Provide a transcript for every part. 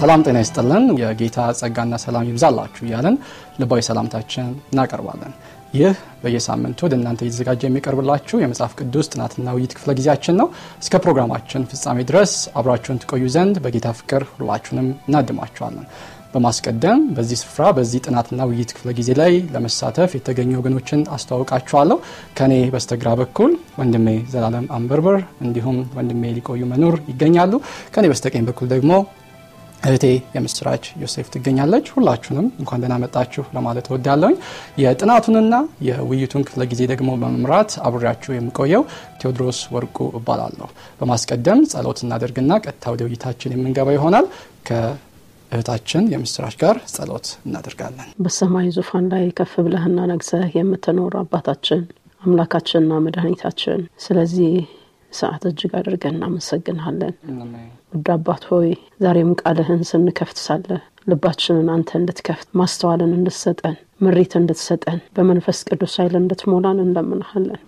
ሰላም ጤና ይስጥልን። የጌታ ጸጋና ሰላም ይብዛላችሁ እያለን ልባዊ ሰላምታችን እናቀርባለን። ይህ በየሳምንቱ ወደ እናንተ እየተዘጋጀ የሚቀርብላችሁ የመጽሐፍ ቅዱስ ጥናትና ውይይት ክፍለ ጊዜያችን ነው። እስከ ፕሮግራማችን ፍጻሜ ድረስ አብራችሁን ትቆዩ ዘንድ በጌታ ፍቅር ሁላችሁንም እናድማችኋለን። በማስቀደም በዚህ ስፍራ በዚህ ጥናትና ውይይት ክፍለ ጊዜ ላይ ለመሳተፍ የተገኙ ወገኖችን አስተዋውቃችኋለሁ። ከኔ በስተግራ በኩል ወንድሜ ዘላለም አንበርበር እንዲሁም ወንድሜ ሊቆዩ መኖር ይገኛሉ። ከኔ በስተቀኝ በኩል ደግሞ እህቴ የምስራች ዮሴፍ ትገኛለች። ሁላችሁንም እንኳን ደህና መጣችሁ ለማለት እወዳለሁኝ። የጥናቱንና የውይይቱን ክፍለ ጊዜ ደግሞ በመምራት አብሬያችሁ የምቆየው ቴዎድሮስ ወርቁ እባላለሁ። በማስቀደም ጸሎት እናደርግና ቀጥታ ወደ ውይይታችን የምንገባ ይሆናል። ከእህታችን የምስራች ጋር ጸሎት እናደርጋለን። በሰማይ ዙፋን ላይ ከፍ ብለህና ነግሰህ የምትኖር አባታችን አምላካችንና መድኃኒታችን፣ ስለዚህ ሰዓት እጅግ አድርገን እናመሰግናለን ውድ አባት ሆይ ዛሬም ቃልህን ስንከፍት ሳለ ልባችንን አንተ እንድትከፍት ማስተዋልን እንድትሰጠን ምሪት እንድትሰጠን በመንፈስ ቅዱስ ኃይል እንድትሞላን እንለምንሃለን።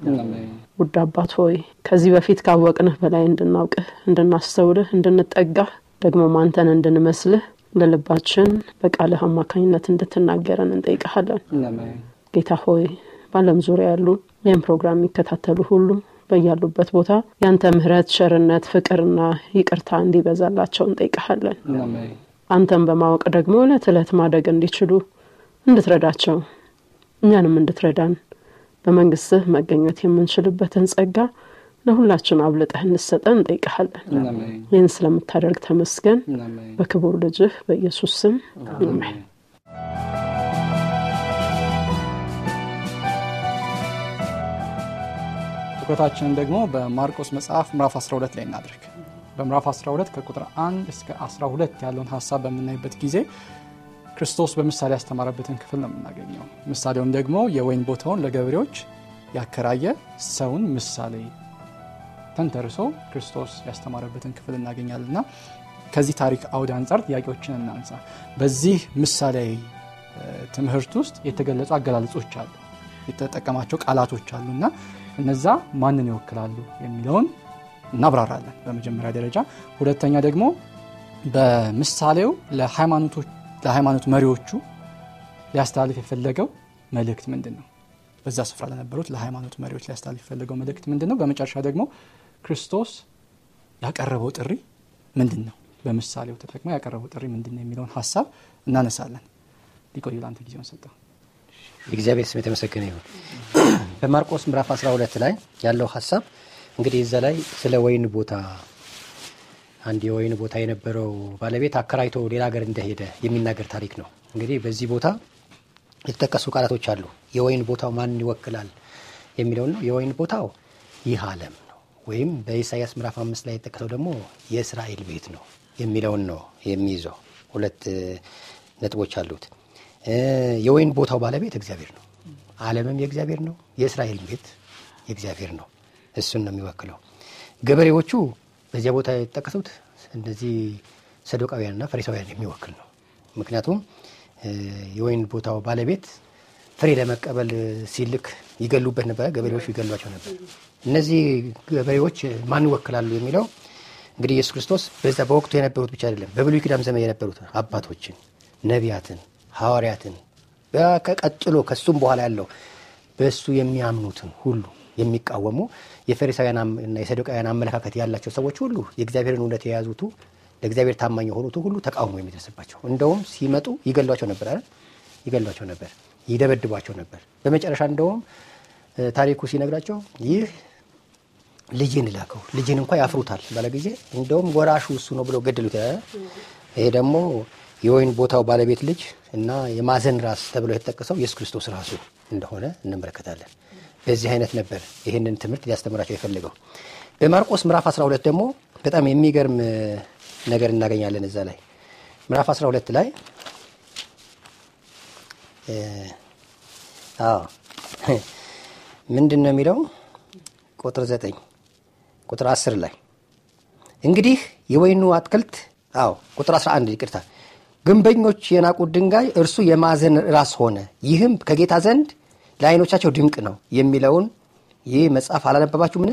ውድ አባት ሆይ ከዚህ በፊት ካወቅንህ በላይ እንድናውቅህ፣ እንድናስተውልህ፣ እንድንጠጋህ ደግሞ ማንተን እንድንመስልህ ለልባችን በቃልህ አማካኝነት እንድትናገረን እንጠይቀሃለን። ጌታ ሆይ በዓለም ዙሪያ ያሉ ይህም ፕሮግራም የሚከታተሉ ሁሉ በያሉበት ቦታ ያንተ ምህረት ሸርነት ፍቅርና ይቅርታ እንዲበዛላቸው እንጠይቀሃለን። አንተም በማወቅ ደግሞ እለት እለት ማደግ እንዲችሉ እንድትረዳቸው እኛንም እንድትረዳን በመንግስትህ መገኘት የምንችልበትን ጸጋ ለሁላችን አብልጠህ እንሰጠን እንጠይቀሃለን። ይህን ስለምታደርግ ተመስገን። በክቡር ልጅህ በኢየሱስ ስም አሜን። ትኩረታችንን ደግሞ በማርቆስ መጽሐፍ ምራፍ 12 ላይ እናድርግ። በምራፍ 12 ከቁጥር 1 እስከ 12 ያለውን ሀሳብ በምናይበት ጊዜ ክርስቶስ በምሳሌ ያስተማረበትን ክፍል ነው የምናገኘው። ምሳሌውም ደግሞ የወይን ቦታውን ለገበሬዎች ያከራየ ሰውን ምሳሌ ተንተርሶ ክርስቶስ ያስተማረበትን ክፍል እና ከዚህ ታሪክ አውድ አንጻር ጥያቄዎችን እናንሳ። በዚህ ምሳሌ ትምህርት ውስጥ የተገለጹ አገላለጾች አሉ፣ የተጠቀማቸው ቃላቶች እና እነዛ ማንን ይወክላሉ የሚለውን እናብራራለን በመጀመሪያ ደረጃ። ሁለተኛ ደግሞ በምሳሌው ለሃይማኖት መሪዎቹ ሊያስተላልፍ የፈለገው መልእክት ምንድን ነው? በዛ ስፍራ ለነበሩት ለሃይማኖት መሪዎች ሊያስተላልፍ የፈለገው መልእክት ምንድን ነው? በመጨረሻ ደግሞ ክርስቶስ ያቀረበው ጥሪ ምንድን ነው? በምሳሌው ተጠቅሞ ያቀረበው ጥሪ ምንድን ነው የሚለውን ሀሳብ እናነሳለን። ሊቆዩ ለአንተ ጊዜውን ሰጠው። የእግዚአብሔር ስም የተመሰገነ ይሁን። በማርቆስ ምዕራፍ 12 ላይ ያለው ሀሳብ እንግዲህ እዛ ላይ ስለ ወይን ቦታ አንድ የወይን ቦታ የነበረው ባለቤት አከራይቶ ሌላ ሀገር እንደሄደ የሚናገር ታሪክ ነው። እንግዲህ በዚህ ቦታ የተጠቀሱ ቃላቶች አሉ። የወይን ቦታው ማንን ይወክላል የሚለው ነው። የወይን ቦታው ይህ ዓለም ነው፣ ወይም በኢሳያስ ምዕራፍ አምስት ላይ የተጠቀሰው ደግሞ የእስራኤል ቤት ነው የሚለውን ነው የሚይዘው። ሁለት ነጥቦች አሉት። የወይን ቦታው ባለቤት እግዚአብሔር ነው። ዓለምም የእግዚአብሔር ነው። የእስራኤል ቤት የእግዚአብሔር ነው። እሱን ነው የሚወክለው። ገበሬዎቹ በዚያ ቦታ የተጠቀሱት እነዚህ ሰዶቃውያንና ፈሪሳውያን የሚወክል ነው። ምክንያቱም የወይን ቦታው ባለቤት ፍሬ ለመቀበል ሲልክ ይገሉበት ነበረ። ገበሬዎቹ ይገሏቸው ነበር። እነዚህ ገበሬዎች ማን ይወክላሉ የሚለው እንግዲህ ኢየሱስ ክርስቶስ በዛ በወቅቱ የነበሩት ብቻ አይደለም፣ በብሉይ ኪዳን ዘመን የነበሩት አባቶችን፣ ነቢያትን፣ ሐዋርያትን ከቀጥሎ ከሱም በኋላ ያለው በእሱ የሚያምኑትን ሁሉ የሚቃወሙ የፈሪሳውያንና የሰዱቃውያን አመለካከት ያላቸው ሰዎች ሁሉ የእግዚአብሔርን እውነት የያዙቱ ለእግዚአብሔር ታማኝ የሆኑቱ ሁሉ ተቃውሞ የሚደርስባቸው እንደውም ሲመጡ ይገሏቸው ነበር አይደል ይገሏቸው ነበር ይደበድቧቸው ነበር በመጨረሻ እንደውም ታሪኩ ሲነግራቸው ይህ ልጅን ላከው ልጅን እንኳ ያፍሩታል ባለ ጊዜ እንደውም ወራሹ እሱ ነው ብለው ገድሉት ይሄ ደግሞ የወይን ቦታው ባለቤት ልጅ እና የማዘን ራስ ተብሎ የተጠቀሰው ኢየሱስ ክርስቶስ ራሱ እንደሆነ እንመለከታለን። በዚህ አይነት ነበር ይህንን ትምህርት ሊያስተምራቸው የፈለገው። በማርቆስ ምዕራፍ 12 ደግሞ በጣም የሚገርም ነገር እናገኛለን። እዛ ላይ ምዕራፍ 12 ላይ ምንድን ነው የሚለው? ቁጥር 9 ቁጥር 10 ላይ እንግዲህ የወይኑ አትክልት አዎ ቁጥር 11 ይቅርታ ግንበኞች የናቁት ድንጋይ እርሱ የማዕዘን ራስ ሆነ፣ ይህም ከጌታ ዘንድ ለዓይኖቻቸው ድንቅ ነው የሚለውን ይህ መጽሐፍ ምን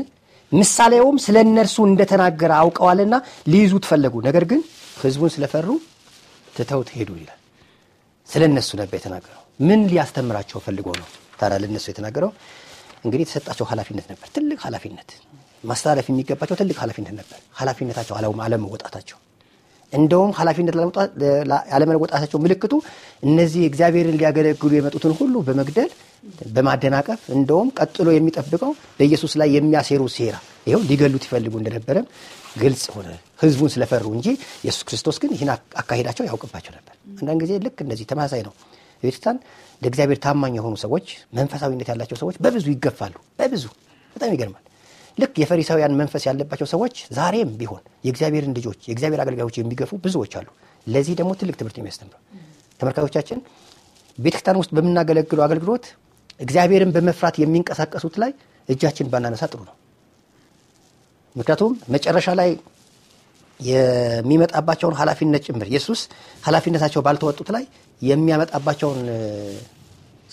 ምሳሌውም ስለ እነርሱ እንደተናገረ አውቀዋልና ሊይዙት ፈለጉ፣ ነገር ግን ህዝቡን ስለፈሩ ትተውት ሄዱ ይላል። ስለ እነሱ ነበር የተናገረው። ምን ሊያስተምራቸው ፈልጎ ነው ታዲያ ለእነሱ የተናገረው? እንግዲህ የተሰጣቸው ኃላፊነት ነበር፣ ትልቅ ኃላፊነት። ማስተላለፍ የሚገባቸው ትልቅ ኃላፊነት ነበር። ኃላፊነታቸው አለመወጣታቸው እንደውም ኃላፊነት ያለመወጣታቸው ምልክቱ እነዚህ እግዚአብሔርን ሊያገለግሉ የመጡትን ሁሉ በመግደል በማደናቀፍ እንደውም ቀጥሎ የሚጠብቀው በኢየሱስ ላይ የሚያሴሩ ሴራ ይኸው ሊገሉት ይፈልጉ እንደነበረም ግልጽ ሆነ። ህዝቡን ስለፈሩ እንጂ ኢየሱስ ክርስቶስ ግን ይህን አካሄዳቸው ያውቅባቸው ነበር። አንዳንድ ጊዜ ልክ እንደዚህ ተመሳሳይ ነው። ቤትታን ለእግዚአብሔር ታማኝ የሆኑ ሰዎች፣ መንፈሳዊነት ያላቸው ሰዎች በብዙ ይገፋሉ። በብዙ በጣም ይገርማል። ልክ የፈሪሳውያን መንፈስ ያለባቸው ሰዎች ዛሬም ቢሆን የእግዚአብሔርን ልጆች የእግዚአብሔር አገልጋዮች የሚገፉ ብዙዎች አሉ። ለዚህ ደግሞ ትልቅ ትምህርት የሚያስተምረው ተመልካቾቻችን ቤተክርስቲያን ውስጥ በምናገለግለው አገልግሎት እግዚአብሔርን በመፍራት የሚንቀሳቀሱት ላይ እጃችን ባናነሳ ጥሩ ነው። ምክንያቱም መጨረሻ ላይ የሚመጣባቸውን ኃላፊነት ጭምር ኢየሱስ ኃላፊነታቸው ባልተወጡት ላይ የሚያመጣባቸውን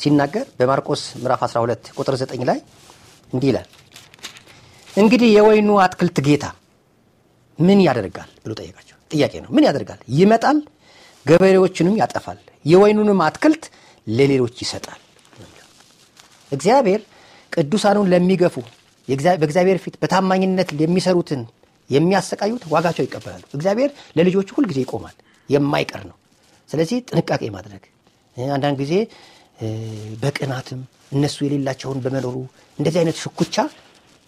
ሲናገር በማርቆስ ምዕራፍ 12 ቁጥር 9 ላይ እንዲህ ይላል እንግዲህ የወይኑ አትክልት ጌታ ምን ያደርጋል ብሎ ጠየቃቸው። ጥያቄ ነው። ምን ያደርጋል? ይመጣል፣ ገበሬዎችንም ያጠፋል፣ የወይኑንም አትክልት ለሌሎች ይሰጣል። እግዚአብሔር ቅዱሳኑን ለሚገፉ በእግዚአብሔር ፊት በታማኝነት የሚሰሩትን የሚያሰቃዩት ዋጋቸው ይቀበላሉ። እግዚአብሔር ለልጆቹ ሁልጊዜ ይቆማል፣ የማይቀር ነው። ስለዚህ ጥንቃቄ ማድረግ አንዳንድ ጊዜ በቅናትም እነሱ የሌላቸውን በመኖሩ እንደዚህ አይነት ሽኩቻ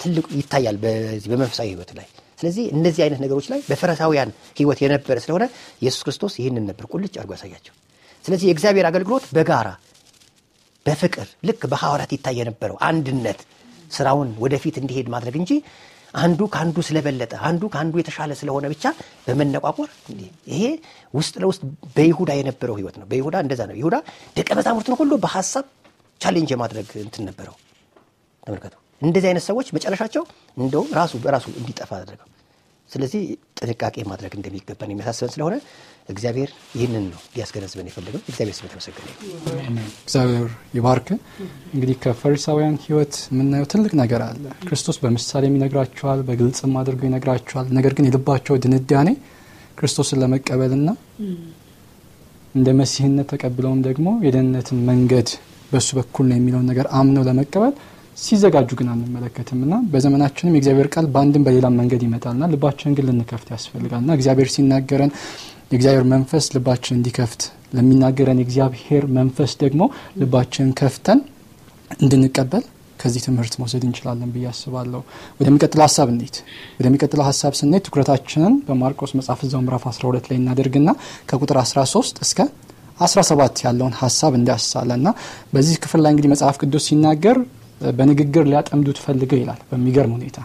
ትልቁ ይታያል በዚህ በመንፈሳዊ ህይወት ላይ። ስለዚህ እነዚህ አይነት ነገሮች ላይ በፈረሳውያን ህይወት የነበረ ስለሆነ ኢየሱስ ክርስቶስ ይህንን ነበር ቁልጭ አድርጎ ያሳያቸው። ስለዚህ የእግዚአብሔር አገልግሎት በጋራ በፍቅር ልክ በሐዋርያት ይታይ የነበረው አንድነት ስራውን ወደፊት እንዲሄድ ማድረግ እንጂ አንዱ ከአንዱ ስለበለጠ አንዱ ከአንዱ የተሻለ ስለሆነ ብቻ በመነቋቆር ይሄ ውስጥ ለውስጥ በይሁዳ የነበረው ህይወት ነው። በይሁዳ እንደዛ ነው። ይሁዳ ደቀ መዛሙርትን ሁሉ በሀሳብ ቻሌንጅ የማድረግ እንትን ነበረው። ተመልከቱ። እንደዚህ አይነት ሰዎች መጨረሻቸው እንደውም ራሱ በራሱ እንዲጠፋ አደረገው። ስለዚህ ጥንቃቄ ማድረግ እንደሚገባን የሚያሳስበን ስለሆነ እግዚአብሔር ይህንን ነው ሊያስገነዝበን የፈለገው። እግዚአብሔር ስም የተመሰገነ። እግዚአብሔር ይባርክ። እንግዲህ ከፈሪሳውያን ህይወት የምናየው ትልቅ ነገር አለ። ክርስቶስ በምሳሌም ይነግራቸዋል፣ በግልጽም አድርጎ ይነግራቸዋል። ነገር ግን የልባቸው ድንዳኔ ክርስቶስን ለመቀበልና እንደ መሲህነት ተቀብለውም ደግሞ የደህንነትን መንገድ በእሱ በኩል ነው የሚለውን ነገር አምነው ለመቀበል ሲዘጋጁ ግን አንመለከትም ና በዘመናችንም የእግዚአብሔር ቃል በአንድም በሌላ መንገድ ይመጣልና ልባችንን ግን ልንከፍት ያስፈልጋልና እግዚአብሔር ሲናገረን የእግዚአብሔር መንፈስ ልባችን እንዲከፍት ለሚናገረን የእግዚአብሔር መንፈስ ደግሞ ልባችንን ከፍተን እንድንቀበል ከዚህ ትምህርት መውሰድ እንችላለን ብዬ አስባለሁ። ወደሚቀጥለው ሀሳብ እንዴት ወደሚቀጥለው ሀሳብ ስንሄድ ትኩረታችንን በማርቆስ መጽሐፍ እዛው ምራፍ 12 ላይ እናደርግና ከቁጥር 13 እስከ 17 ያለውን ሀሳብ እንዲያሳለ ና በዚህ ክፍል ላይ እንግዲህ መጽሐፍ ቅዱስ ሲናገር በንግግር ሊያጠምዱት ፈልገው ይላል። በሚገርም ሁኔታ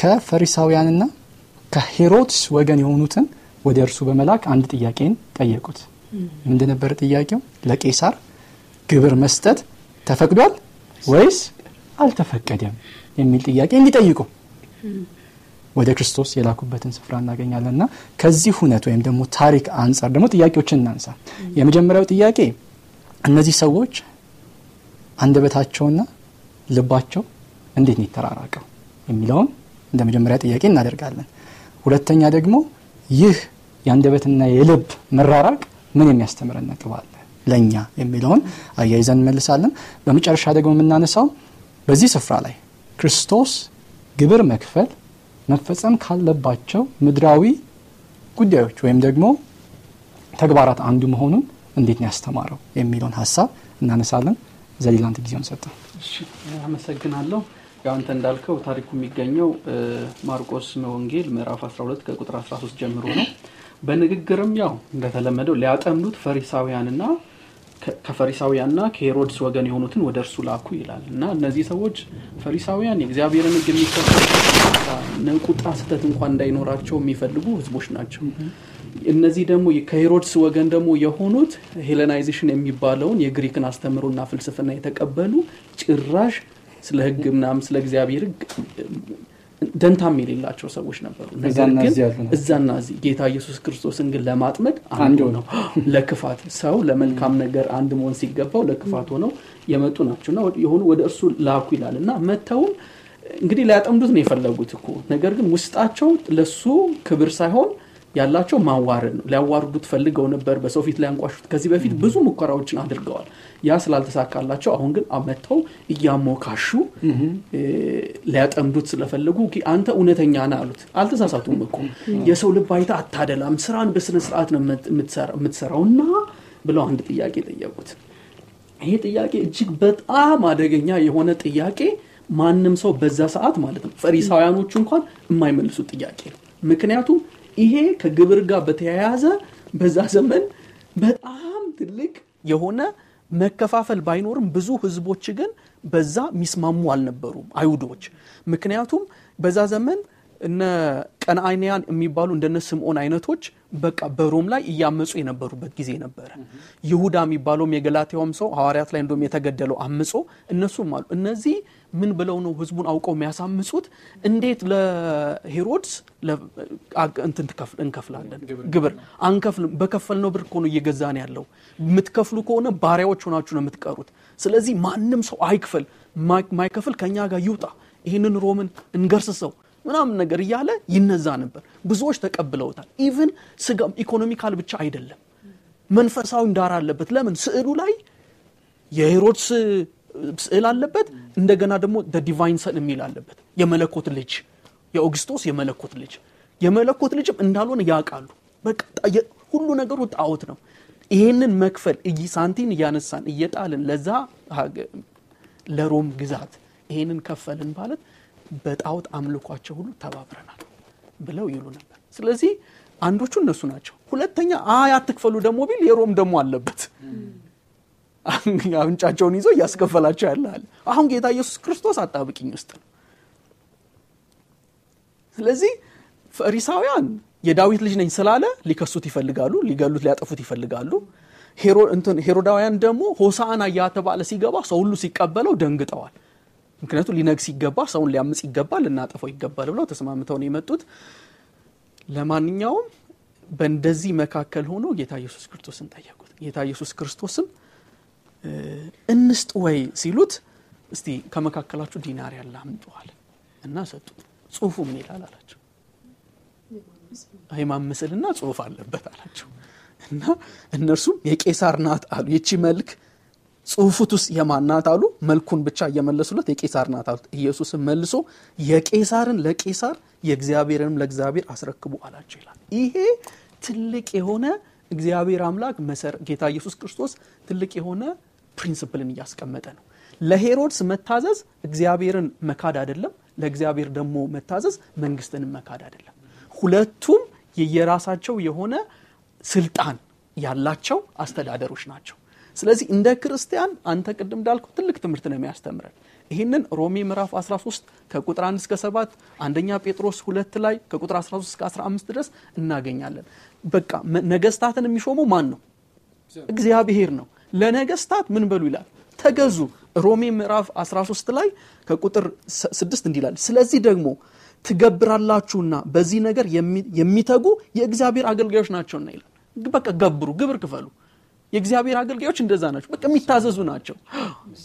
ከፈሪሳውያንና ከሄሮድስ ወገን የሆኑትን ወደ እርሱ በመላክ አንድ ጥያቄን ጠየቁት። ምንድነበር ጥያቄው? ለቄሳር ግብር መስጠት ተፈቅዷል ወይስ አልተፈቀደም የሚል ጥያቄ እንዲጠይቁ ወደ ክርስቶስ የላኩበትን ስፍራ እናገኛለን። እና ከዚህ ሁነት ወይም ደግሞ ታሪክ አንጻር ደግሞ ጥያቄዎችን እናንሳ። የመጀመሪያው ጥያቄ እነዚህ ሰዎች አንደበታቸውና ልባቸው እንዴት ነው የተራራቀው የሚለውን እንደ መጀመሪያ ጥያቄ እናደርጋለን። ሁለተኛ ደግሞ ይህ የአንደበትና የልብ መራራቅ ምን የሚያስተምረን ነጥብ አለ ለእኛ የሚለውን አያይዘን እንመልሳለን። በመጨረሻ ደግሞ የምናነሳው በዚህ ስፍራ ላይ ክርስቶስ ግብር መክፈል መፈጸም ካለባቸው ምድራዊ ጉዳዮች ወይም ደግሞ ተግባራት አንዱ መሆኑን እንዴት ነው ያስተማረው የሚለውን ሀሳብ እናነሳለን። ዘሊላንት ጊዜውን ሰጠ አመሰግናለሁ። ያው አንተ እንዳልከው ታሪኩ የሚገኘው ማርቆስ ወንጌል ምዕራፍ 12 ከቁጥር 13 ጀምሮ ነው። በንግግርም ያው እንደተለመደው ሊያጠምዱት ፈሪሳውያንና ከፈሪሳውያንና ከሄሮድስ ወገን የሆኑትን ወደ እርሱ ላኩ ይላል እና እነዚህ ሰዎች ፈሪሳውያን የእግዚአብሔርን ህግ የሚከተሉ ንቁጣ ስህተት እንኳን እንዳይኖራቸው የሚፈልጉ ህዝቦች ናቸው። እነዚህ ደግሞ ከሄሮድስ ወገን ደግሞ የሆኑት ሄለናይዜሽን የሚባለውን የግሪክን አስተምሮና ፍልስፍና የተቀበሉ ጭራሽ ስለ ህግ ምናም ስለ እግዚአብሔር ህግ ደንታም የሌላቸው ሰዎች ነበሩ። እዛና እዚህ ጌታ ኢየሱስ ክርስቶስን ግን ለማጥመድ አንዱ ነው። ለክፋት ሰው ለመልካም ነገር አንድ መሆን ሲገባው ለክፋት ሆነው የመጡ ናቸውና የሆኑ ወደ እርሱ ላኩ ይላል እና መተውም እንግዲህ ሊያጠምዱት ነው የፈለጉት እኮ ነገር ግን ውስጣቸው ለሱ ክብር ሳይሆን ያላቸው ማዋረድ ነው። ሊያዋርዱት ፈልገው ነበር፣ በሰው ፊት ሊያንቋሹት ከዚህ በፊት ብዙ ሙከራዎችን አድርገዋል። ያ ስላልተሳካላቸው አሁን ግን አመጥተው እያሞካሹ ሊያጠምዱት ስለፈለጉ አንተ እውነተኛ ና አሉት። አልተሳሳቱም እኮ የሰው ልብ አይታ አታደላም፣ ስራን በስነ ስርዓት ነው የምትሰራውና ብለው አንድ ጥያቄ ጠየቁት። ይሄ ጥያቄ እጅግ በጣም አደገኛ የሆነ ጥያቄ ማንም ሰው በዛ ሰዓት ማለት ነው ፈሪሳውያኖቹ እንኳን የማይመልሱት ጥያቄ ምክንያቱም ይሄ ከግብር ጋር በተያያዘ በዛ ዘመን በጣም ትልቅ የሆነ መከፋፈል ባይኖርም ብዙ ህዝቦች ግን በዛ የሚስማሙ አልነበሩም አይሁዶች። ምክንያቱም በዛ ዘመን እነ ቀንአይንያን የሚባሉ እንደነ ስምዖን አይነቶች በቃ በሮም ላይ እያመፁ የነበሩበት ጊዜ ነበረ። ይሁዳ የሚባለውም የገላትያውም ሰው ሐዋርያት ላይ እንደም የተገደለው አምጾ እነሱም አሉ። እነዚህ ምን ብለው ነው ህዝቡን አውቀው የሚያሳምጹት? እንዴት ለሄሮድስ እንትን እንከፍላለን? ግብር አንከፍልም። ነው ብር ከሆነ እየገዛን ያለው የምትከፍሉ ከሆነ ባሪያዎች ሆናችሁ ነው የምትቀሩት። ስለዚህ ማንም ሰው አይክፈል፣ ማይከፍል ከእኛ ጋር ይውጣ፣ ይህንን ሮምን እንገርስሰው ምናምን ነገር እያለ ይነዛ ነበር። ብዙዎች ተቀብለውታል። ኢቭን ስጋ ኢኮኖሚካል ብቻ አይደለም መንፈሳዊ ዳራ አለበት። ለምን ስዕሉ ላይ የሄሮድስ ስዕል አለበት። እንደገና ደግሞ ዲቫይን ሰን የሚል አለበት። የመለኮት ልጅ የኦግስቶስ የመለኮት ልጅ የመለኮት ልጅም እንዳልሆነ ያውቃሉ። ሁሉ ነገሩ ጣዖት ነው። ይህንን መክፈል ሳንቲን እያነሳን እየጣልን ለዛ ለሮም ግዛት ይህንን ከፈልን ማለት በጣዖት አምልኳቸው ሁሉ ተባብረናል ብለው ይሉ ነበር። ስለዚህ አንዶቹ እነሱ ናቸው። ሁለተኛ አይ አትክፈሉ ደግሞ ቢል የሮም ደግሞ አለበት አብንጫቸውን ይዞ እያስከፈላቸው ያለል አሁን ጌታ ኢየሱስ ክርስቶስ አጣብቅኝ ውስጥ ነው። ስለዚህ ፈሪሳውያን የዳዊት ልጅ ነኝ ስላለ ሊከሱት ይፈልጋሉ፣ ሊገሉት፣ ሊያጠፉት ይፈልጋሉ። ሄሮዳውያን ደግሞ ሆሳና እያተባለ ሲገባ ሰው ሁሉ ሲቀበለው ደንግጠዋል። ምክንያቱ ሊነግስ ሲገባ ሰውን ሊያምጽ ይገባል፣ ልናጠፈው ይገባል ብለው ተስማምተው ነው የመጡት። ለማንኛውም በእንደዚህ መካከል ሆኖ ጌታ ኢየሱስ ክርስቶስን ጠየቁት። ጌታ ኢየሱስ ክርስቶስም እንስጥ ወይ ሲሉት እስቲ ከመካከላችሁ ዲናር ያለ አምጠዋል እና ሰጡት ጽሁፉ ምን ይላል አላቸው ሃይማን ምስልና ጽሁፍ አለበት አላቸው እና እነርሱም የቄሳር ናት አሉ ይቺ መልክ ጽሁፉትስ የማናት አሉ መልኩን ብቻ እየመለሱለት የቄሳር ናት አሉት ኢየሱስን መልሶ የቄሳርን ለቄሳር የእግዚአብሔርንም ለእግዚአብሔር አስረክቡ አላቸው ይላል ይሄ ትልቅ የሆነ እግዚአብሔር አምላክ ጌታ ኢየሱስ ክርስቶስ ትልቅ የሆነ ፕሪንስፕልን እያስቀመጠ ነው። ለሄሮድስ መታዘዝ እግዚአብሔርን መካድ አይደለም። ለእግዚአብሔር ደግሞ መታዘዝ መንግስትን መካድ አይደለም። ሁለቱም የየራሳቸው የሆነ ስልጣን ያላቸው አስተዳደሮች ናቸው። ስለዚህ እንደ ክርስቲያን አንተ ቅድም እንዳልኩ ትልቅ ትምህርት ነው የሚያስተምረን። ይህንን ሮሜ ምዕራፍ 13 ከቁጥር 1 እስከ 7 አንደኛ ጴጥሮስ 2 ላይ ከቁጥር 13 እስከ 15 ድረስ እናገኛለን። በቃ ነገስታትን የሚሾመው ማን ነው? እግዚአብሔር ነው። ለነገስታት ምን በሉ ይላል ተገዙ ሮሜ ምዕራፍ 13 ላይ ከቁጥር 6 እንዲላል ስለዚህ ደግሞ ትገብራላችሁና በዚህ ነገር የሚተጉ የእግዚአብሔር አገልጋዮች ናቸውና ይላል በቃ ገብሩ ግብር ክፈሉ የእግዚአብሔር አገልጋዮች እንደዛ ናቸው በቃ የሚታዘዙ ናቸው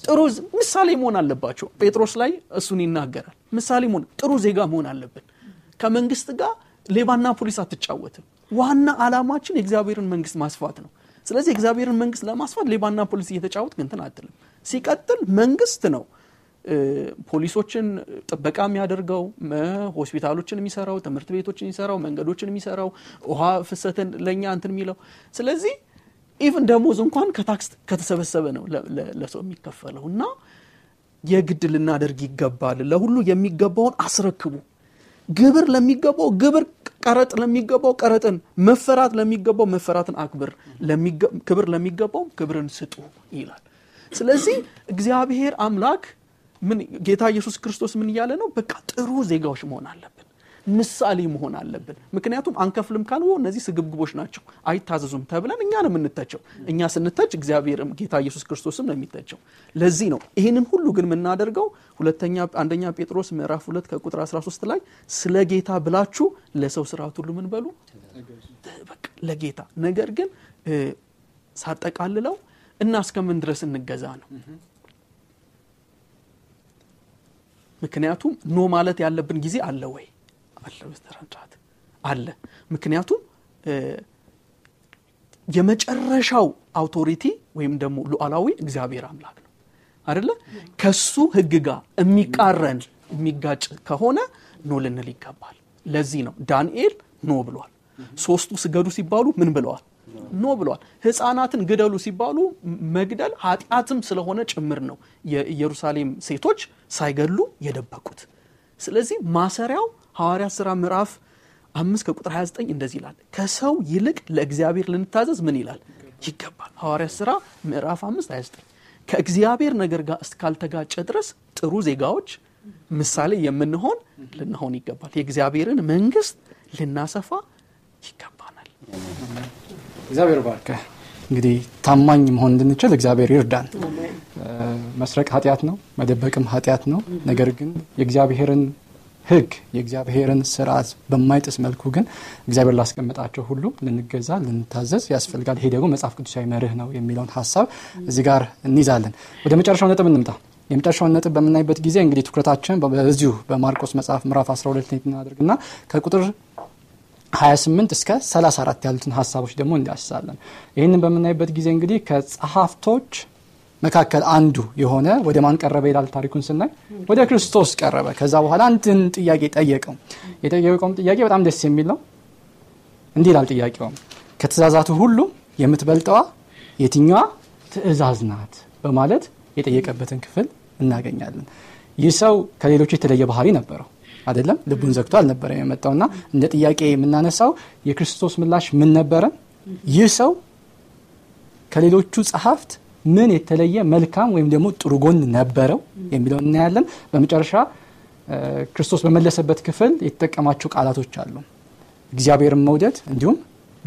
ጥሩ ምሳሌ መሆን አለባቸው ጴጥሮስ ላይ እሱን ይናገራል ምሳሌ መሆን ጥሩ ዜጋ መሆን አለብን ከመንግስት ጋር ሌባና ፖሊስ አትጫወትም ዋና አላማችን የእግዚአብሔርን መንግስት ማስፋት ነው ስለዚህ እግዚአብሔርን መንግስት ለማስፋት ሌባና ፖሊስ እየተጫወት እንትን አትልም። ሲቀጥል መንግስት ነው ፖሊሶችን ጥበቃ የሚያደርገው ሆስፒታሎችን የሚሰራው ትምህርት ቤቶችን የሚሰራው መንገዶችን የሚሰራው ውሃ ፍሰትን ለእኛ እንትን የሚለው ስለዚህ ኢቭን ደሞዝ እንኳን ከታክስ ከተሰበሰበ ነው ለሰው የሚከፈለው እና የግድ ልናደርግ ይገባል ለሁሉ የሚገባውን አስረክቡ ግብር ለሚገባው ግብር፣ ቀረጥ ለሚገባው ቀረጥን፣ መፈራት ለሚገባው መፈራትን አክብር፣ ክብር ለሚገባው ክብርን ስጡ ይላል። ስለዚህ እግዚአብሔር አምላክ ምን ጌታ ኢየሱስ ክርስቶስ ምን እያለ ነው? በቃ ጥሩ ዜጋዎች መሆን አለብን። ምሳሌ መሆን አለብን። ምክንያቱም አንከፍልም ካልሆ እነዚህ ስግብግቦች ናቸው አይታዘዙም ተብለን እኛ ነው የምንተቸው። እኛ ስንተች እግዚአብሔርም ጌታ ኢየሱስ ክርስቶስም ነው የሚተቸው። ለዚህ ነው ይህንን ሁሉ ግን የምናደርገው ሁለተኛ አንደኛ ጴጥሮስ ምዕራፍ ሁለት ከቁጥር 13 ላይ ስለ ጌታ ብላችሁ ለሰው ስርዓት ሁሉ ምን በሉ ለጌታ ነገር ግን ሳጠቃልለው እና እስከምን ድረስ እንገዛ ነው። ምክንያቱም ኖ ማለት ያለብን ጊዜ አለ ወይ? አለ በስተራን አለ። ምክንያቱም የመጨረሻው አውቶሪቲ ወይም ደግሞ ሉዓላዊ እግዚአብሔር አምላክ ነው አደለ? ከሱ ህግ ጋር የሚቃረን የሚጋጭ ከሆነ ኖ ልንል ይገባል። ለዚህ ነው ዳንኤል ኖ ብሏል። ሶስቱ ስገዱ ሲባሉ ምን ብለዋል? ኖ ብለዋል። ህፃናትን ግደሉ ሲባሉ መግደል ኃጢአትም ስለሆነ ጭምር ነው የኢየሩሳሌም ሴቶች ሳይገሉ የደበቁት። ስለዚህ ማሰሪያው ሐዋርያ ሥራ ምዕራፍ አምስት ከቁጥር 29 እንደዚህ ይላል ከሰው ይልቅ ለእግዚአብሔር ልንታዘዝ ምን ይላል ይገባል ሐዋርያ ሥራ ምዕራፍ 5 29 ከእግዚአብሔር ነገር ጋር እስካልተጋጨ ድረስ ጥሩ ዜጋዎች ምሳሌ የምንሆን ልንሆን ይገባል የእግዚአብሔርን መንግስት ልናሰፋ ይገባናል እግዚአብሔር ባርከ እንግዲህ ታማኝ መሆን እንድንችል እግዚአብሔር ይርዳን መስረቅ ኃጢአት ነው መደበቅም ኃጢአት ነው ነገር ግን የእግዚአብሔርን ህግ የእግዚአብሔርን ስርዓት በማይጥስ መልኩ ግን እግዚአብሔር ላስቀመጣቸው ሁሉ ልንገዛ ልንታዘዝ ያስፈልጋል። ይሄ ደግሞ መጽሐፍ ቅዱሳዊ መርህ ነው የሚለውን ሀሳብ እዚህ ጋር እንይዛለን። ወደ መጨረሻው ነጥብ እንምጣ። የመጨረሻውን ነጥብ በምናይበት ጊዜ እንግዲህ ትኩረታችን በዚሁ በማርቆስ መጽሐፍ ምዕራፍ 12 እናደርግና ከቁጥር 28 እስከ 34 ያሉትን ሀሳቦች ደግሞ እንዲያስሳለን። ይህንን በምናይበት ጊዜ እንግዲህ ከጸሐፍቶች መካከል አንዱ የሆነ ወደ ማን ቀረበ ይላል ታሪኩን ስናይ ወደ ክርስቶስ ቀረበ። ከዛ በኋላ አንድን ጥያቄ ጠየቀው። የጠየቀውም ጥያቄ በጣም ደስ የሚል ነው። እንዲህ ይላል ጥያቄውም ከትእዛዛቱ ሁሉ የምትበልጠዋ የትኛዋ ትእዛዝ ናት በማለት የጠየቀበትን ክፍል እናገኛለን። ይህ ሰው ከሌሎቹ የተለየ ባህሪ ነበረው አይደለም። ልቡን ዘግቶ አልነበረ የመጣውና እንደ ጥያቄ የምናነሳው የክርስቶስ ምላሽ ምን ነበረ? ይህ ሰው ከሌሎቹ ጸሐፍት ምን የተለየ መልካም ወይም ደግሞ ጥሩ ጎን ነበረው የሚለውን እናያለን። በመጨረሻ ክርስቶስ በመለሰበት ክፍል የተጠቀማቸው ቃላቶች አሉ። እግዚአብሔርን መውደድ እንዲሁም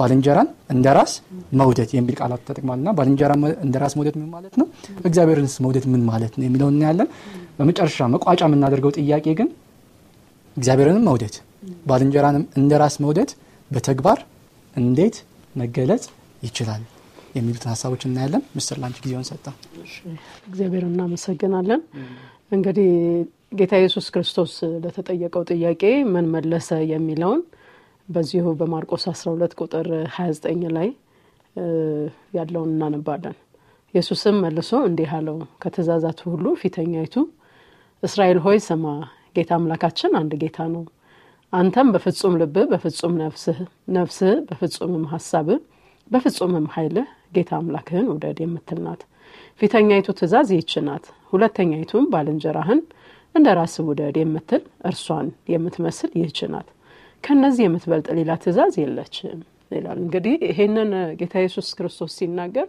ባልንጀራን እንደ ራስ መውደድ የሚል ቃላት ተጠቅማልና ባልንጀራ እንደ ራስ መውደድ ምን ማለት ነው? እግዚአብሔርንስ መውደድ ምን ማለት ነው የሚለውን እናያለን። በመጨረሻ መቋጫ የምናደርገው ጥያቄ ግን እግዚአብሔርንም መውደድ ባልንጀራንም እንደ ራስ መውደድ በተግባር እንዴት መገለጽ ይችላል? የሚሉትን ሀሳቦች እናያለን። ምስር ላንቺ ጊዜውን ሰጣ። እግዚአብሔር እናመሰግናለን። እንግዲህ ጌታ ኢየሱስ ክርስቶስ ለተጠየቀው ጥያቄ ምን መለሰ የሚለውን በዚሁ በማርቆስ 12 ቁጥር 29 ላይ ያለውን እናነባለን። ኢየሱስም መልሶ እንዲህ አለው፣ ከትእዛዛቱ ሁሉ ፊተኛይቱ እስራኤል ሆይ ስማ፣ ጌታ አምላካችን አንድ ጌታ ነው። አንተም በፍጹም ልብህ፣ በፍጹም ነፍስህ፣ በፍጹምም ሀሳብህ፣ በፍጹምም ኃይልህ ጌታ አምላክህን ውደድ የምትል ናት። ፊተኛይቱ ትእዛዝ ይህች ናት። ሁለተኛይቱም ባልንጀራህን እንደ ራስ ውደድ የምትል እርሷን የምትመስል ይህች ናት። ከእነዚህ የምትበልጥ ሌላ ትእዛዝ የለችም ይላል። እንግዲህ ይሄንን ጌታ ኢየሱስ ክርስቶስ ሲናገር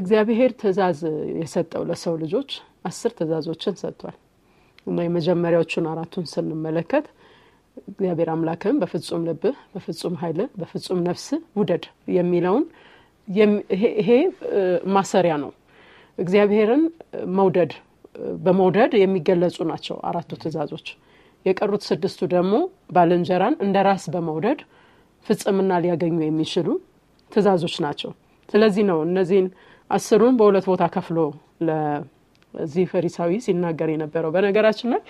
እግዚአብሔር ትእዛዝ የሰጠው ለሰው ልጆች አስር ትእዛዞችን ሰጥቷል እና የመጀመሪያዎቹን አራቱን ስንመለከት እግዚአብሔር አምላክን በፍጹም ልብህ፣ በፍጹም ኃይልህ፣ በፍጹም ነፍስህ ውደድ የሚለውን ይሄ ማሰሪያ ነው። እግዚአብሔርን መውደድ በመውደድ የሚገለጹ ናቸው አራቱ ትእዛዞች። የቀሩት ስድስቱ ደግሞ ባልንጀራን እንደ ራስ በመውደድ ፍጽምና ሊያገኙ የሚችሉ ትእዛዞች ናቸው። ስለዚህ ነው እነዚህን አስሩን በሁለት ቦታ ከፍሎ ለዚህ ፈሪሳዊ ሲናገር የነበረው። በነገራችን ላይ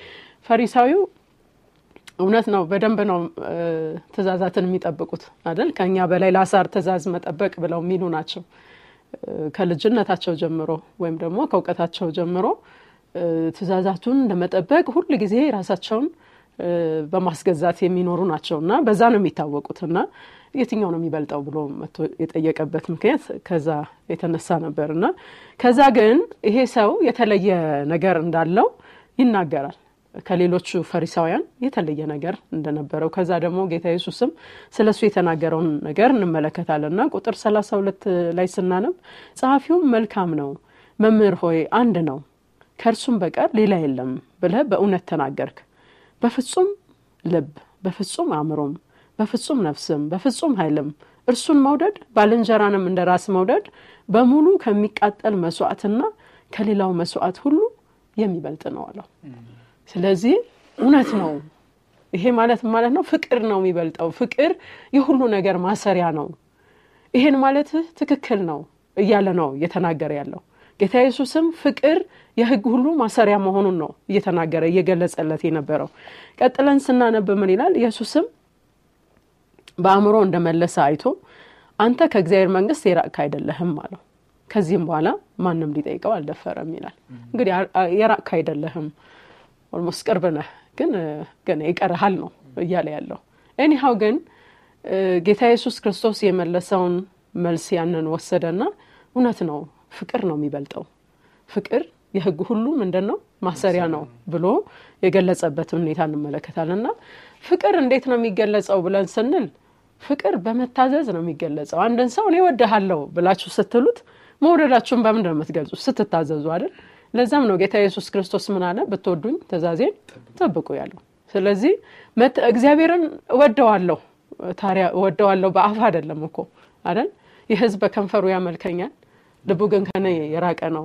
ፈሪሳዊው እውነት ነው። በደንብ ነው ትእዛዛትን የሚጠብቁት አይደል? ከእኛ በላይ ለአሳር ትእዛዝ መጠበቅ ብለው የሚሉ ናቸው። ከልጅነታቸው ጀምሮ ወይም ደግሞ ከእውቀታቸው ጀምሮ ትእዛዛቱን ለመጠበቅ ሁሉ ጊዜ ራሳቸውን በማስገዛት የሚኖሩ ናቸው እና በዛ ነው የሚታወቁት እና የትኛው ነው የሚበልጠው ብሎ መቶ የጠየቀበት ምክንያት ከዛ የተነሳ ነበር እና ከዛ ግን ይሄ ሰው የተለየ ነገር እንዳለው ይናገራል። ከሌሎቹ ፈሪሳውያን የተለየ ነገር እንደነበረው ከዛ ደግሞ ጌታ የሱስም ስለ እሱ የተናገረውን ነገር እንመለከታለን እና ቁጥር ሰላሳ ሁለት ላይ ስናነብ ጸሐፊውም መልካም ነው መምህር ሆይ አንድ ነው ከእርሱም በቀር ሌላ የለም ብለ በእውነት ተናገርክ በፍጹም ልብ በፍጹም አእምሮም በፍጹም ነፍስም በፍጹም ኃይልም እርሱን መውደድ ባልንጀራንም እንደ ራስ መውደድ በሙሉ ከሚቃጠል መስዋዕትና ከሌላው መስዋዕት ሁሉ የሚበልጥ ነው አለው ስለዚህ እውነት ነው። ይሄ ማለት ማለት ነው ፍቅር ነው የሚበልጠው። ፍቅር የሁሉ ነገር ማሰሪያ ነው። ይሄን ማለት ትክክል ነው እያለ ነው እየተናገረ ያለው ጌታ የሱስም ፍቅር የህግ ሁሉ ማሰሪያ መሆኑን ነው እየተናገረ እየገለጸለት የነበረው። ቀጥለን ስናነብ ምን ይላል? ኢየሱስም በአእምሮ እንደመለሰ አይቶ አንተ ከእግዚአብሔር መንግስት የራቅክ አይደለህም አለው። ከዚህም በኋላ ማንም ሊጠይቀው አልደፈረም ይላል። እንግዲህ የራቅክ አይደለህም ኦልሞስት ቅርብ ነህ፣ ግን ገና ይቀርሃል ነው እያለ ያለው። ኤኒሃው ግን ጌታ ኢየሱስ ክርስቶስ የመለሰውን መልስ ያንን ወሰደና እውነት ነው ፍቅር ነው የሚበልጠው ፍቅር የህግ ሁሉ ምንድን ነው ማሰሪያ ነው ብሎ የገለጸበትን ሁኔታ እንመለከታለን። እና ፍቅር እንዴት ነው የሚገለጸው ብለን ስንል ፍቅር በመታዘዝ ነው የሚገለጸው። አንድን ሰው እኔ ወደሃለው ብላችሁ ስትሉት መውደዳችሁን በምንድን ነው የምትገልጹ? ስትታዘዙ አይደል? ለዛም ነው ጌታ ኢየሱስ ክርስቶስ ምን አለ? ብትወዱኝ ትእዛዜን ጠብቁ ያለው። ስለዚህ እግዚአብሔርን እወደዋለሁ ታሪያ እወደዋለሁ በአፍ አይደለም እኮ አይደል? ይህ ህዝብ በከንፈሩ ያመልከኛል፣ ልቡ ግን ከነ የራቀ ነው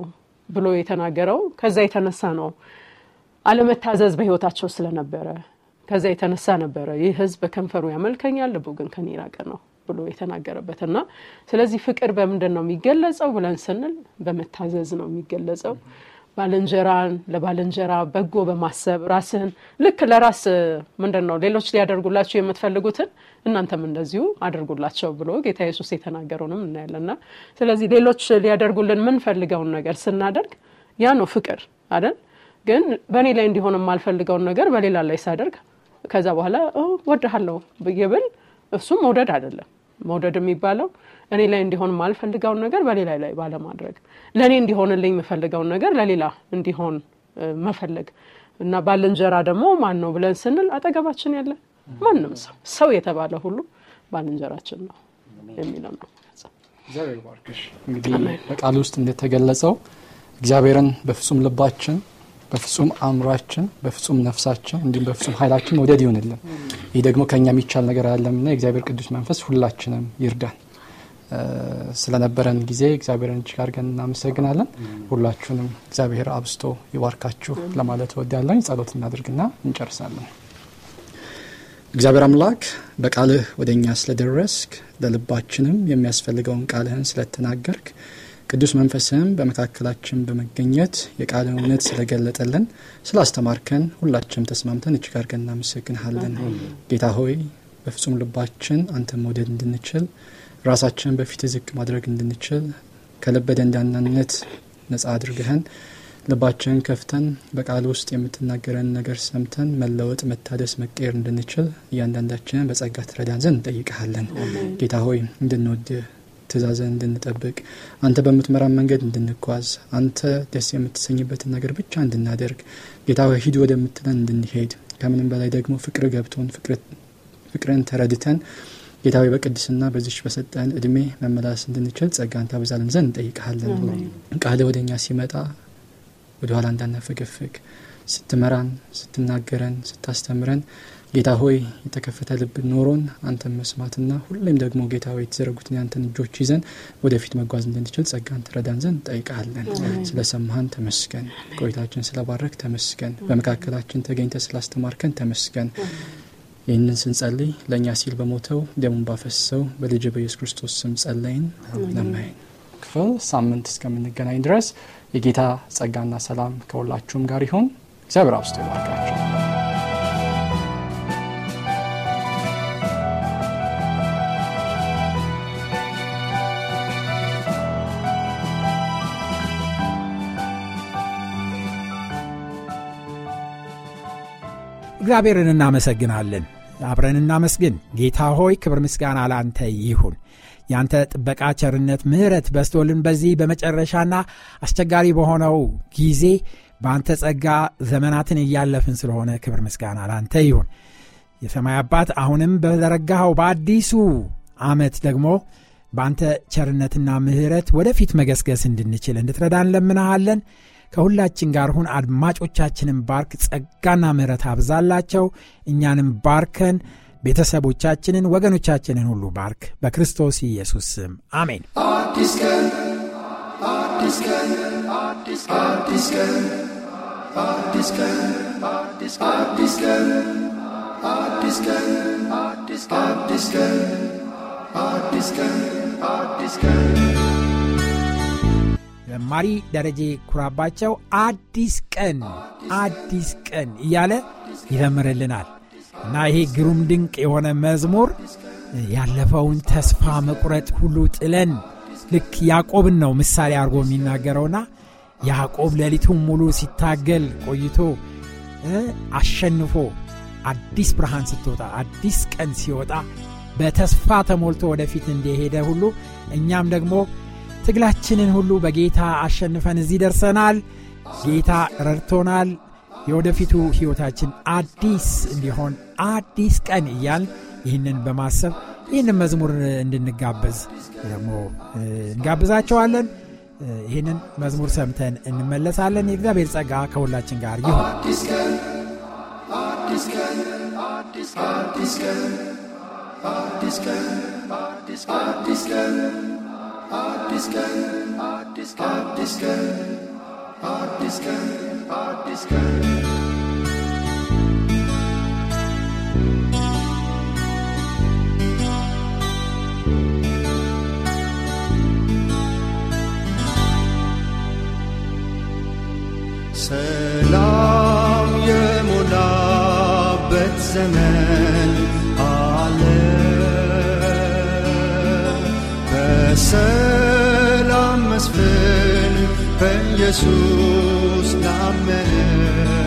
ብሎ የተናገረው ከዛ የተነሳ ነው። አለመታዘዝ በህይወታቸው ስለነበረ ከዛ የተነሳ ነበረ ይህ ህዝብ በከንፈሩ ያመልከኛል፣ ልቡ ግን ከኔ ራቀ ነው ብሎ የተናገረበት እና ስለዚህ ፍቅር በምንድን ነው የሚገለጸው ብለን ስንል በመታዘዝ ነው የሚገለጸው። ባለንጀራን ለባለንጀራ በጎ በማሰብ ራስህን ልክ ለራስ ምንድን ነው ሌሎች ሊያደርጉላቸው የምትፈልጉትን እናንተም እንደዚሁ አድርጉላቸው ብሎ ጌታ የሱስ የተናገረውንም እናያለና ስለዚህ ሌሎች ሊያደርጉልን የምንፈልገውን ነገር ስናደርግ ያ ነው ፍቅር አይደል? ግን በእኔ ላይ እንዲሆን የማልፈልገውን ነገር በሌላ ላይ ሳደርግ ከዛ በኋላ ወድሃለሁ ብዬ ብል እሱም መውደድ አይደለም። መውደድ የሚባለው እኔ ላይ እንዲሆን የማልፈልገውን ነገር በሌላ ላይ ባለማድረግ ለእኔ እንዲሆንልኝ የምፈልገውን ነገር ለሌላ እንዲሆን መፈለግ እና ባልንጀራ ደግሞ ማን ነው ብለን ስንል አጠገባችን ያለ ማንም ሰው ሰው የተባለ ሁሉ ባልንጀራችን ነው የሚለው ነው። እንግዲህ በቃል ውስጥ እንደተገለጸው እግዚአብሔርን በፍጹም ልባችን፣ በፍጹም አእምሯችን፣ በፍጹም ነፍሳችን እንዲሁም በፍጹም ኃይላችን መውደድ ይሆንልን። ይህ ደግሞ ከእኛ የሚቻል ነገር አለምና የእግዚአብሔር ቅዱስ መንፈስ ሁላችንም ይርዳል። ስለነበረን ጊዜ እግዚአብሔርን እጅግ አድርገን እናመሰግናለን። ሁላችሁንም እግዚአብሔር አብስቶ ይባርካችሁ ለማለት እወዳለሁ። ጸሎት እናድርግና እንጨርሳለን። እግዚአብሔር አምላክ በቃልህ ወደ እኛ ስለደረስክ ለልባችንም የሚያስፈልገውን ቃልህን ስለተናገርክ ቅዱስ መንፈስህም በመካከላችን በመገኘት የቃል እውነት ስለገለጠልን ስላስተማርከን ሁላችንም ተስማምተን እጅግ አድርገን እናመሰግንሃለን። ጌታ ሆይ በፍጹም ልባችን አንተን መውደድ እንድንችል ራሳችን በፊት ዝቅ ማድረግ እንድንችል ከልበ ደንዳናነት ነጻ አድርገህን ልባችንን ከፍተን በቃል ውስጥ የምትናገረን ነገር ሰምተን መለወጥ፣ መታደስ፣ መቀየር እንድንችል እያንዳንዳችንን በጸጋ ትረዳን ዘንድ እንጠይቀሃለን። ጌታ ሆይ እንድንወድህ ትእዛዘን እንድንጠብቅ አንተ በምትመራን መንገድ እንድንጓዝ አንተ ደስ የምትሰኝበትን ነገር ብቻ እንድናደርግ ጌታ ሆይ ሂድ ወደምትለን እንድንሄድ ከምንም በላይ ደግሞ ፍቅር ገብቶን ፍቅርን ተረድተን ጌታዊ በቅድስና በዚች በሰጠን እድሜ መመላለስ እንድንችል ጸጋን ታብዛልን ዘንድ እንጠይቀሃለን። ቃል ወደ እኛ ሲመጣ ወደ ኋላ እንዳናፈገፍግ፣ ስትመራን፣ ስትናገረን፣ ስታስተምረን ጌታ ሆይ የተከፈተ ልብ ኖሮን አንተን መስማትና ሁሌም ደግሞ ጌታ ሆይ የተዘረጉትን ያንተን እጆች ይዘን ወደፊት መጓዝ እንድንችል ጸጋን ትረዳን ዘንድ ጠይቃለን። ስለሰማሃን ተመስገን። ቆይታችን ስለባረክ ተመስገን። በመካከላችን ተገኝተ ስላስተማርከን ተመስገን። ይህንን ስንጸልይ ለእኛ ሲል በሞተው ደሙን ባፈሰው በልጅ በኢየሱስ ክርስቶስ ስም ጸለይን። ለማይን ክፍል ሳምንት እስከምንገናኝ ድረስ የጌታ ጸጋና ሰላም ከሁላችሁም ጋር ይሁን። እግዚአብሔር አብስቶ ይባርካችሁ። እግዚአብሔርን እናመሰግናለን። አብረን እናመስግን። ጌታ ሆይ ክብር ምስጋና ላንተ ይሁን። ያንተ ጥበቃ፣ ቸርነት፣ ምሕረት በስቶልን በዚህ በመጨረሻና አስቸጋሪ በሆነው ጊዜ በአንተ ጸጋ ዘመናትን እያለፍን ስለሆነ ክብር ምስጋና ላንተ ይሁን። የሰማይ አባት አሁንም በዘረጋኸው በአዲሱ ዓመት ደግሞ በአንተ ቸርነትና ምሕረት ወደፊት መገስገስ እንድንችል እንድትረዳን ለምናሃለን። ከሁላችን ጋር ሁን። አድማጮቻችንን ባርክ፣ ጸጋና ምሕረት አብዛላቸው። እኛንም ባርከን፣ ቤተሰቦቻችንን፣ ወገኖቻችንን ሁሉ ባርክ። በክርስቶስ ኢየሱስ ስም አሜን። አዲስ ቀን አዲስ ቀን አዲስ ቀን አዲስ ቀን አዲስ ቀን አዲስ ቀን አዲስ ቀን አዲስ ቀን አዲስ ቀን አዲስ ቀን ዘማሪ ደረጀ ኩራባቸው አዲስ ቀን አዲስ ቀን እያለ ይዘምርልናል እና ይሄ ግሩም ድንቅ የሆነ መዝሙር ያለፈውን ተስፋ መቁረጥ ሁሉ ጥለን ልክ ያዕቆብን ነው ምሳሌ አድርጎ የሚናገረውና ያዕቆብ ሌሊቱን ሙሉ ሲታገል ቆይቶ አሸንፎ አዲስ ብርሃን ስትወጣ አዲስ ቀን ሲወጣ በተስፋ ተሞልቶ ወደፊት እንደሄደ ሁሉ እኛም ደግሞ ትግላችንን ሁሉ በጌታ አሸንፈን እዚህ ደርሰናል። ጌታ ረድቶናል። የወደፊቱ ሕይወታችን አዲስ እንዲሆን አዲስ ቀን እያል ይህንን በማሰብ ይህንን መዝሙር እንድንጋበዝ ደግሞ እንጋብዛቸዋለን። ይህንን መዝሙር ሰምተን እንመለሳለን። የእግዚአብሔር ጸጋ ከሁላችን ጋር ይሁን። አዲስ ቀን አዲስ ቀን አዲስ ቀን አዲስ ቀን አዲስ ቀን Art disco, art disco, art disco, art disco, art disco. Art disco. ሰላም Jesús, dame.